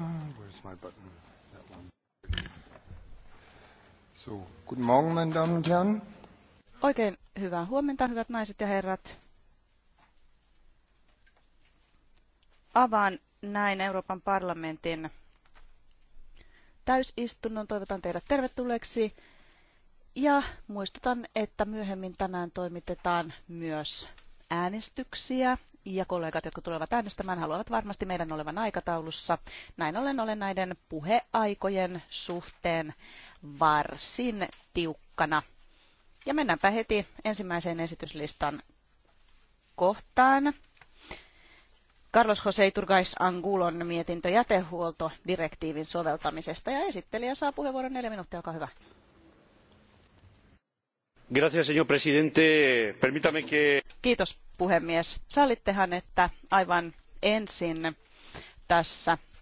Ah, where's my button? That one. So, meine Damen und Herren. Oikein hyvää huomenta, hyvät naiset ja herrat. Avaan näin Euroopan parlamentin täysistunnon. Toivotan teidät tervetulleeksi. Ja muistutan, että myöhemmin tänään toimitetaan myös äänestyksiä ja kollegat, jotka tulevat äänestämään, haluavat varmasti meidän olevan aikataulussa. Näin ollen olen näiden puheaikojen suhteen varsin tiukkana. Ja mennäänpä heti ensimmäiseen esityslistan kohtaan. Carlos José Turgais Angulon mietintö jätehuoltodirektiivin soveltamisesta ja esittelijä saa puheenvuoron neljä minuuttia, olkaa hyvä señor presidente. Permítame que... Kiitos puhemies. Sallittehan, että aivan ensin tässä